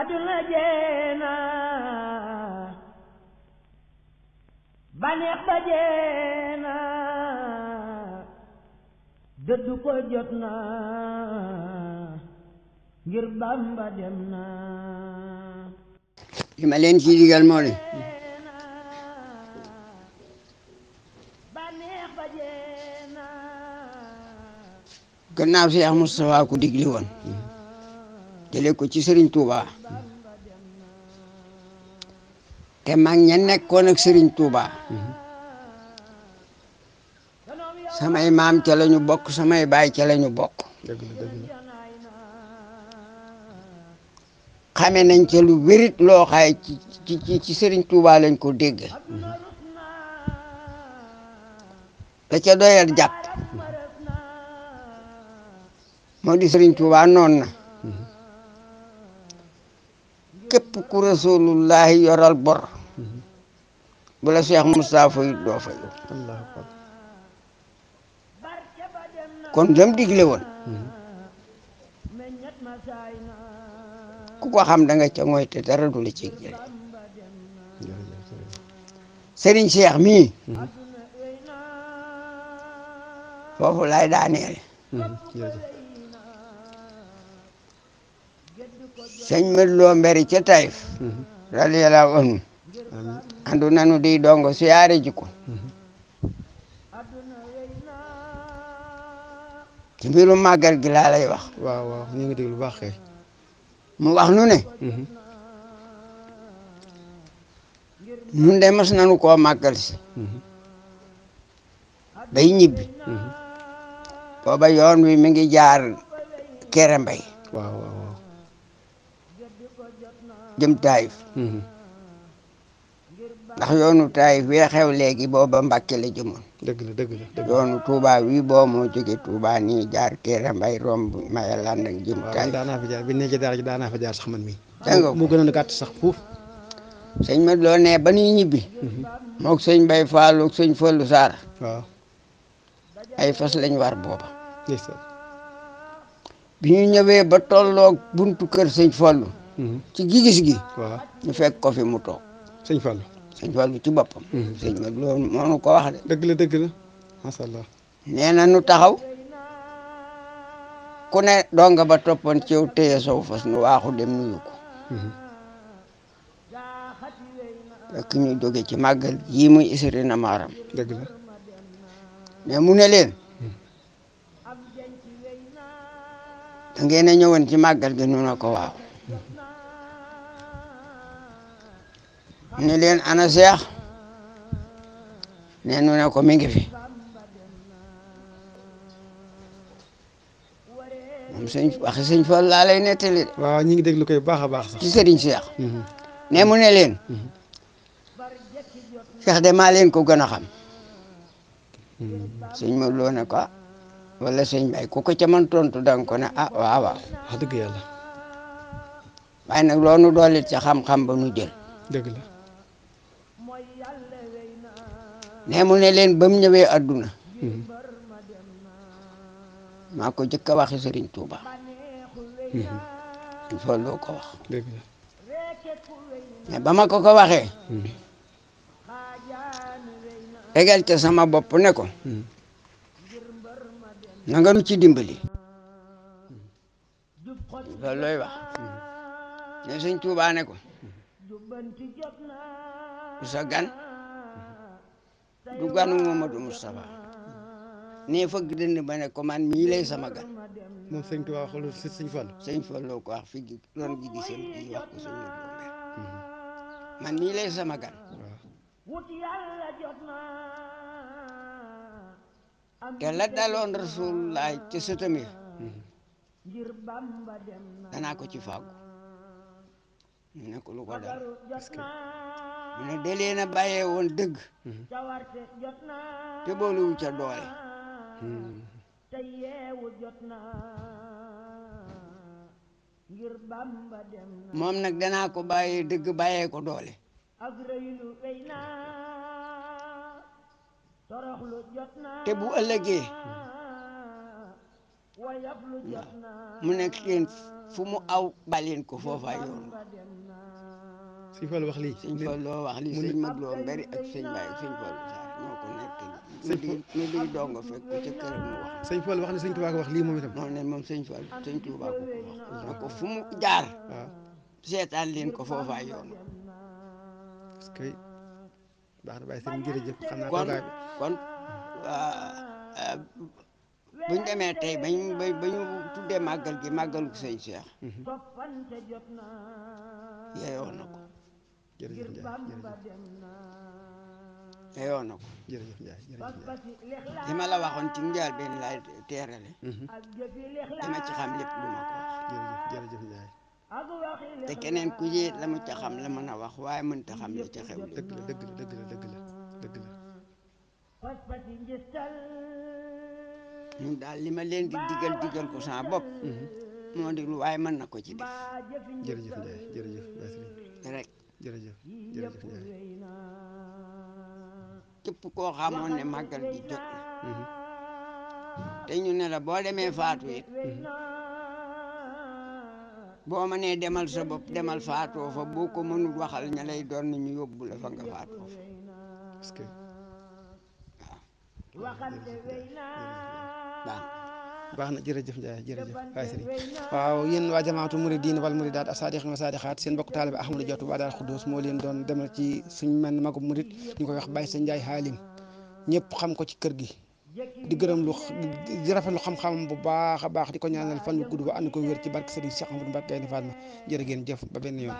àdduna jeena baneex ba jeena dëddu ko jot ngir Bàmba dem li ma leen ci digal moo di gannaaw Seex Mustafaa ku digli woon jële ko ci Serigne Touba te mag ña nekkoon ak Serigne Touba samay maam ca la ñu bokk samay baay ca la ñu bokk xame nañ ca lu wérit loo xaay ci ci ci Serigne Touba lañ ko dégg da ca doyal jat moo di Serigne Touba noonu na képp ku rasulullahi yoral bor bu la Cheikh Moustapha fay doo fay kon dem digle woon ku ko xam danga nga ca mooy te dara du la ci jël Serigne Cheikh mii foofu laay daaneel hmm, sëñ mët loo mberi ca tayif mhm. radiyallahu anhu andu nanu di dongo siyaare ji ko mhm. ci mbiru màggal gi laa wax waaw waaw ñu ngi déglu baax kay mu wax nu ne mhm. nun de mas nanu koo màggal si bay ñibbi booba yoon wi mi ngi jaar kere jëm taayif mhm. ndax yoonu taayif wii xew léegi booba Mbàkke la jëmoon dëgg la wii boo moo jóge Touba nii jaar Kéré Mbay romb maya land ak jëm taayif daanaa fa jaar bi nekkee fa jaar sax man mii danga mu gënoon gàtt sax foofu sëñ ma loo nee ba nuy ñibbi mhm. mook sëñ Mbay Faalu ak Fallu Saar ay fas lañ war booba bi ñu ñëwee ba tolloog buntu kër sëñ Fallu ci gigis gi. waaw ñu fekk ko fi mu toog. sëñ Fallou. sëñ Fallou ci boppam. Hmm. sëñ Fallou loolu moo ko wax de. dëgg la dëgg la macha nee na nu taxaw ku ne donga ba toppoon ci yow téye sow fas nu waaxu dem nuyu ko. Hmm. fekk ñu jóge ci màggal yii muy isri na maaram. dëgg la. mu ne leen. Hmm. da ngeen a ñëwoon ci màggal gi nu na ko waaw. ne leen ana seex ne nu ko mi ngi fi moom sëñ waxi sëñ Fall laa lay nettali de waaw ñu ngi déglu koy baax a baax ci sëriñ seex ne mu ne leen seex mhm. de maleen ko gën a xam mhm. sëñ ma loo ko ah, wala sëñ bay ku ko ca man tontu danga ko ne ah waaw dëgg yàlla waaye nag loo nu doolit ca xam-xam ba nu jël. dëgg ne mu ne leen ba mu ñëwee adduna. Hmm. maa ko jëkk a waxi tuuba Touba. Hmm. il faut ba ma ko ko waxee. tegal hmm. ca sama boppu ne ko. na nu ci dimbali. ne sëñ Tuubaa ne ko du sa gan du ganu Mamadu Mustafa ne fëgg dënd ba ne ko man mii sama gan moom sëñ Tuubaa waxal loolu si sëñ Fall sëñ loo ko wax fi doon gi gisam man mii sama gan te la daloon Rasulullah ci sëtam yi danaa ko ci fàggu mu ne ko ko dal parce que mu ne da leen dëgg te booluwu ca doole moom nag danaa ko bàyyee dëgg bàyyee ko doole te bu mu nekk leen fu mu aw baleen ko foofa yoon sëñ Fall wax lii sëñ Fall loo wax lii sëñ mag loo mbari ak mu wax sëñ Fall wax ne sëñ Touba ko wax lii moom itam non ne moom sëñ Fall sëñ Touba ko ko wax na ah. ko fu mu jaar waaw ah. seetaan leen ko foofa yoon bu ñu demee tey ba ñu ba ñu tuddee màggal gi màggalu sëñ Cheikh. Uhuh. yeyoon na ko. jërëjëf Ndiaye ko. jërëjëf Ndiaye jërëjëf li ma la waxoon ci njaal benn laay teerale. dama uhuh. ci xam lépp lu ma ko te keneen ku yéet la mu ca xam la mën na wax waaye mënut a xam la ca xew. dëgg la ñun daal li ma leen di digal digal ko sama bopp. Mm-hmm. moo di lu waaye mën na ko ci def. jërëjëf Ndiaye koo xamoon ne màggal gi jot mm-hmm. te ñu ne la boo demee faatu it. Mm-hmm. boo ma nee demal sa bopp demal faatoo fa boo ko mënul waxal ña lay doon ñu yóbbu la fa nga faatoo fa. baax na jërëjëf Ndiaye jërëjëf waay sëriñ waaw yéen waa jamaatu muridin wal muridaat asadiq wa sadiqaat seen bokk taalibe Ahmadu Jotu ba daal Xuddoos moo leen doon demal ci suñ man magub murid ñu koy wax Baye Sa Ndiaye Halim ñëpp xam ko ci kër gi di gërëm lu di rafetlu xam-xamam bu baax a baax di ko ñaanal fan yu gudd ba ànd ko wér ci barke sax Cheikh Amadou Mbacke Gaynde Fatma jërë ngeen jëf ba benn yoon